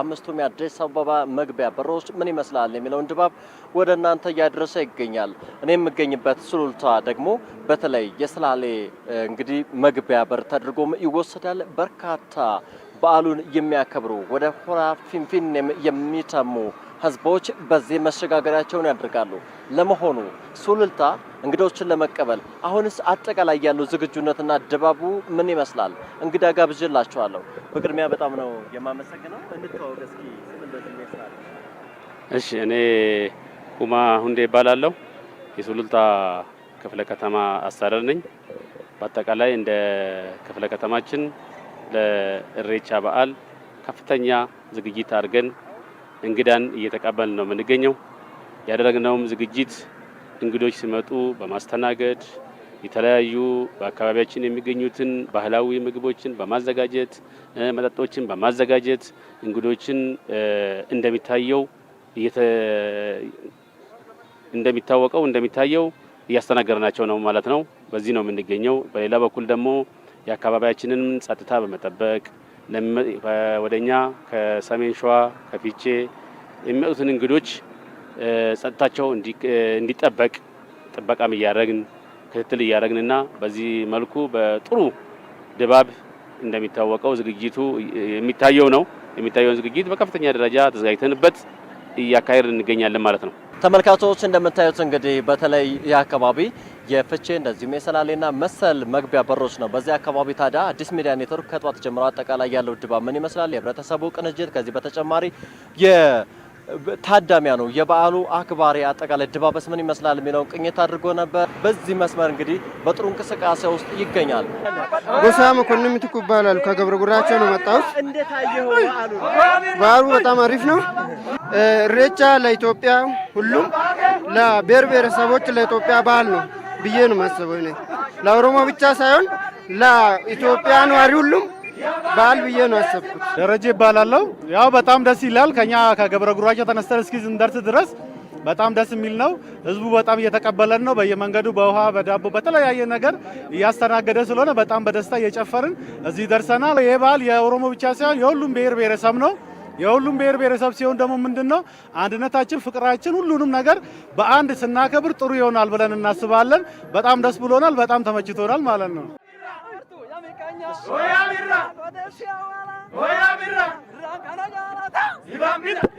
አምስቱም የአዲስ አበባ መግቢያ በሮች ምን ይመስላል የሚለውን ድባብ ወደ እናንተ እያደረሰ ይገኛል። እኔ የምገኝበት ሱሉልታ ደግሞ በተለይ የሰላሌ እንግዲህ መግቢያ በር ተደርጎም ይወሰዳል። በርካታ በዓሉን የሚያከብሩ ወደ ሆራ ፊንፊኔም የሚተሙ ህዝቦች በዚህ መሸጋገሪያቸውን ያደርጋሉ። ለመሆኑ ሱሉልታ እንግዶችን ለመቀበል አሁንስ አጠቃላይ ያለው ዝግጁነትና ድባቡ ምን ይመስላል? እንግዳ ጋብዤላችኋለሁ። በቅድሚያ በጣም ነው የማመሰግነው። እንተዋወቅ እስኪ። እሺ፣ እኔ ሁማ ሁንዴ ይባላለሁ። የሱሉልታ ክፍለ ከተማ አስተዳደር ነኝ። በአጠቃላይ እንደ ክፍለ ከተማችን ለእሬቻ በዓል ከፍተኛ ዝግጅት አድርገን እንግዳን እየተቀበል ነው የምንገኘው። ያደረግነውም ዝግጅት እንግዶች ሲመጡ በማስተናገድ የተለያዩ በአካባቢያችን የሚገኙትን ባህላዊ ምግቦችን በማዘጋጀት መጠጦችን በማዘጋጀት እንግዶችን እንደሚታየው እንደሚታወቀው እንደሚታየው እያስተናገርናቸው ነው ማለት ነው። በዚህ ነው የምንገኘው። በሌላ በኩል ደግሞ የአካባቢያችንን ጸጥታ በመጠበቅ ወደኛ ከሰሜን ሸዋ ከፊቼ የሚመጡትን እንግዶች ጸጥታቸው እንዲጠበቅ ጥበቃም እያደረግን ክትትል እና በዚህ መልኩ በጥሩ ድባብ እንደሚታወቀው ዝግጅቱ የሚታየው ነው የሚታየውን ዝግጅት በከፍተኛ ደረጃ ተዘጋጅተንበት እያካሄድ እንገኛለን ማለት ነው። ተመልካቾች እንደምታዩት እንግዲህ በተለይ ይህ አካባቢ የፍቼ እንደዚሁም የሰላሌና መሰል መግቢያ በሮች ነው። በዚህ አካባቢ ታዲያ አዲስ ሚዲያ ኔትወርክ ከጧት ጀምሮ አጠቃላይ ያለው ድባብ ምን ይመስላል? የህብረተሰቡ ቅንጅት ከዚህ በተጨማሪ ታዳሚያ ነው የበዓሉ አክባሪ አጠቃላይ ድባበስ ምን ይመስላል የሚለውን ቅኝት አድርጎ ነበር። በዚህ መስመር እንግዲህ በጥሩ እንቅስቃሴ ውስጥ ይገኛል። ጎሳ መኮንን ምትኩ ይባላል። ከገብረ ጉራቸው ነው መጣሁት። በዓሉ በጣም አሪፍ ነው። እሬቻ ለኢትዮጵያ ሁሉም ለብሔር ብሔረሰቦች ለኢትዮጵያ ባህል ነው ብዬ ነው ማስበው። ለኦሮሞ ብቻ ሳይሆን ለኢትዮጵያ ነዋሪ ሁሉም በዓል ብዬ ነው ያሰብኩት። ደረጀ ይባላለው። ያው በጣም ደስ ይላል። ከኛ ከገብረ ጉራቻ ተነስተን እስኪ ዝንደርት ድረስ በጣም ደስ የሚል ነው። ህዝቡ በጣም እየተቀበለን ነው። በየመንገዱ በውሃ በዳቦ በተለያየ ነገር እያስተናገደ ስለሆነ በጣም በደስታ እየጨፈርን እዚህ ደርሰናል። ይህ በዓል የኦሮሞ ብቻ ሳይሆን የሁሉም ብሔር ብሔረሰብ ነው። የሁሉም ብሔር ብሔረሰብ ሲሆን ደግሞ ምንድን ነው አንድነታችን፣ ፍቅራችን፣ ሁሉንም ነገር በአንድ ስናከብር ጥሩ ይሆናል ብለን እናስባለን። በጣም ደስ ብሎናል። በጣም ተመችቶናል ማለት ነው። Oya birra. Oya birra. Oya birra.